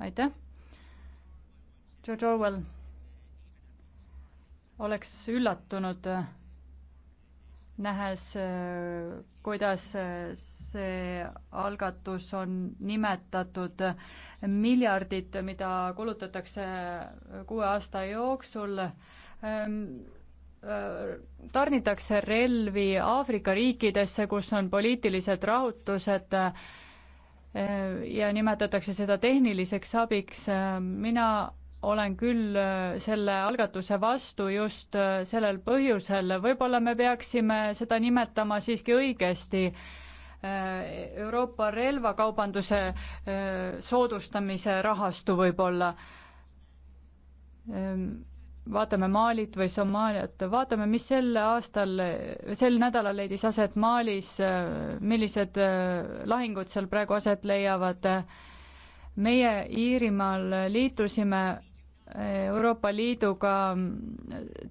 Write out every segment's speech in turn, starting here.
aitäh. George Orwell oleks üllatunud, äh, nähes, äh, kuidas äh, see algatus on nimetatud miljardid, mida kulutatakse kuue aasta jooksul ähm, tarnitakse relvi Aafrika riikidesse, kus on poliitilised rahutused ja nimetatakse seda tehniliseks abiks. mina olen küll selle algatuse vastu just sellel põhjusel, võib-olla me peaksime seda nimetama siiski õigesti. Euroopa relvakaubanduse äh, soodustamise rahastu võib-olla ehm, vaatame Malit või Somaaliat, vaatame, mis sel aastal, sel nädalal leidis aset Malis, millised äh, lahingud seal praegu aset leiavad. meie Iirimaal liitusime äh, Euroopa Liiduga,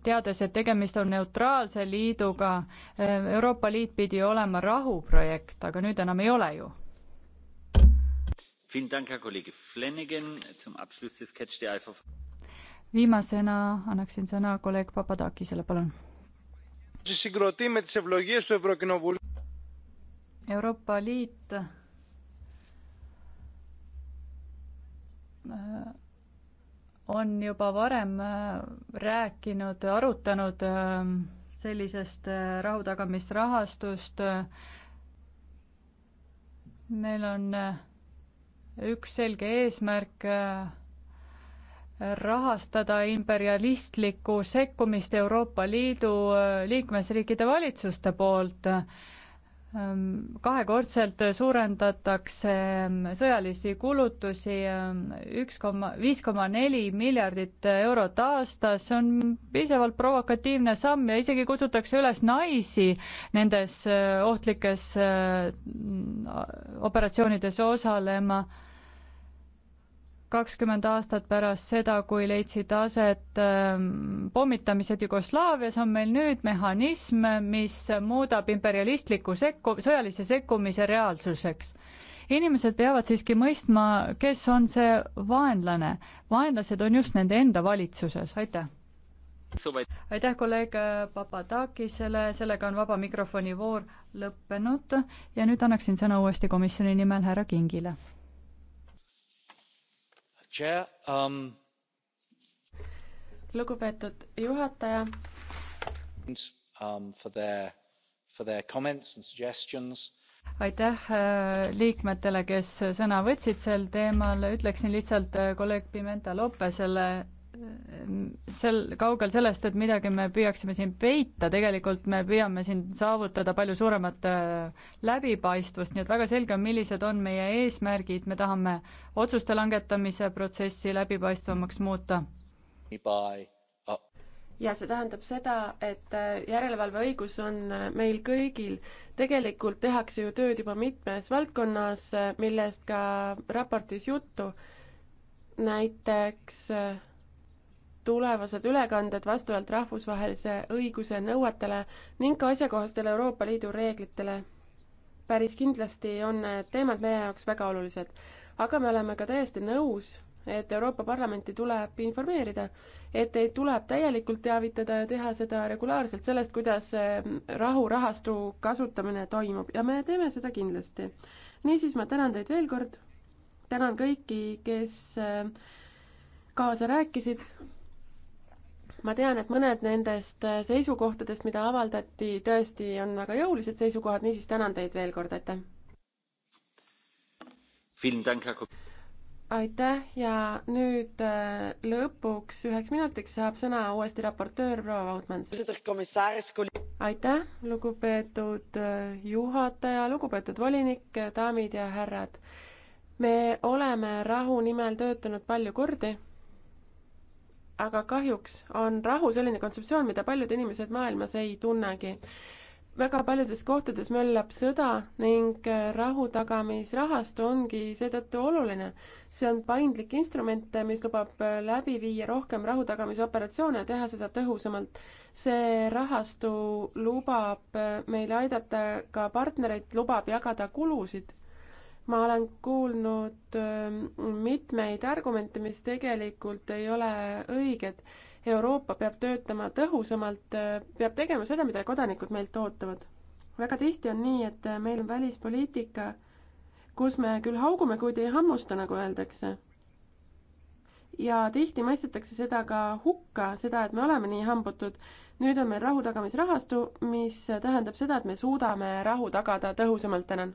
teades, et tegemist on neutraalse liiduga, äh, Euroopa Liit pidi olema rahuprojekt, aga nüüd enam ei ole ju viimasena annaksin sõna kolleeg Papadakisele, palun. Euroopa Liit äh, on juba varem äh, rääkinud, arutanud äh, sellisest rahutagamisrahastust. meil on üks selge eesmärk rahastada imperialistlikku sekkumist Euroopa Liidu äh, liikmesriikide valitsuste poolt. Ähm, kahekordselt suurendatakse ähm, sõjalisi kulutusi ähm, üks koma, viis koma neli miljardit eurot aastas, see on piisavalt provokatiivne samm ja isegi kutsutakse üles naisi nendes äh, ohtlikes äh, operatsioonides osalema kakskümmend aastat pärast seda, kui leidsid aset ähm, pommitamised Jugoslaavias, on meil nüüd mehhanism, mis muudab imperialistliku sekku-, sõjalise sekkumise reaalsuseks. inimesed peavad siiski mõistma, kes on see vaenlane. vaenlased on just nende enda valitsuses, aitäh! aitäh kolleeg Papadakisele, sellega on vaba mikrofoni voor lõppenud ja nüüd annaksin sõna uuesti komisjoni nimel härra Kingile Um... lugupeetud juhataja um,. aitäh äh, liikmetele kes sõna võtsid sel teemal ütleksin lihtsalt äh, kolleeg pimenta lopezile sel, kaugel sellest, et midagi me püüaksime siin peita, tegelikult me püüame siin saavutada palju suuremat äh, läbipaistvust, nii et väga selge on, millised on meie eesmärgid, me tahame otsuste langetamise protsessi läbipaistvamaks muuta. ja see tähendab seda, et äh, järelevalveõigus on äh, meil kõigil. tegelikult tehakse ju tööd juba mitmes valdkonnas, millest ka raportis juttu, näiteks tulevased ülekanded vastavalt rahvusvahelise õiguse nõuetele ning ka asjakohastele Euroopa Liidu reeglitele. päris kindlasti on need teemad meie jaoks väga olulised, aga me oleme ka täiesti nõus, et Euroopa Parlamenti tuleb informeerida, et teid tuleb täielikult teavitada ja teha seda regulaarselt sellest, kuidas rahurahastu kasutamine toimub ja me teeme seda kindlasti. niisiis, ma tänan teid veel kord, tänan kõiki, kes äh, kaasa rääkisid ma tean, et mõned nendest äh, seisukohtadest, mida avaldati, tõesti on väga jõulised seisukohad, niisiis tänan teid veel kord, aitäh! aitäh ja nüüd äh, lõpuks üheks minutiks saab sõna uuesti raportöör proua Vautmans. aitäh, lugupeetud äh, juhataja, lugupeetud volinik, daamid ja härrad. me oleme rahu nimel töötanud palju kordi aga kahjuks on rahu selline kontseptsioon, mida paljud inimesed maailmas ei tunnegi. väga paljudes kohtades möllab sõda ning äh, rahu tagamisrahastu ongi seetõttu oluline. see on paindlik instrument, mis lubab äh, läbi viia rohkem rahu tagamisoperatsioone ja teha seda tõhusamalt. see rahastu lubab äh, meil aidata ka partnereid, lubab jagada kulusid ma olen kuulnud mitmeid argumente, mis tegelikult ei ole õiged. Euroopa peab töötama tõhusamalt, peab tegema seda, mida kodanikud meilt ootavad. väga tihti on nii, et meil on välispoliitika, kus me küll haugume, kuid ei hammusta, nagu öeldakse ja tihti mõistetakse seda ka hukka, seda, et me oleme nii hambutud. nüüd on meil rahutagamisrahastu, mis tähendab seda, et me suudame rahu tagada tõhusamalt, tänan.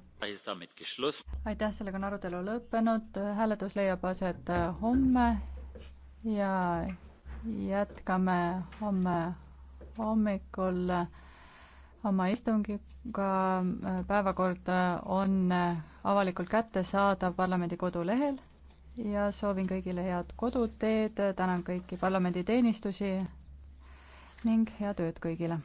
aitäh, sellega on arutelu lõppenud, hääletus leiab aset äh, homme ja jätkame homme hommikul äh, oma istungiga. Äh, päevakord on avalikult kättesaadav parlamendi kodulehel ja soovin kõigile head koduteed, tänan kõiki parlamenditeenistusi ning head ööd kõigile!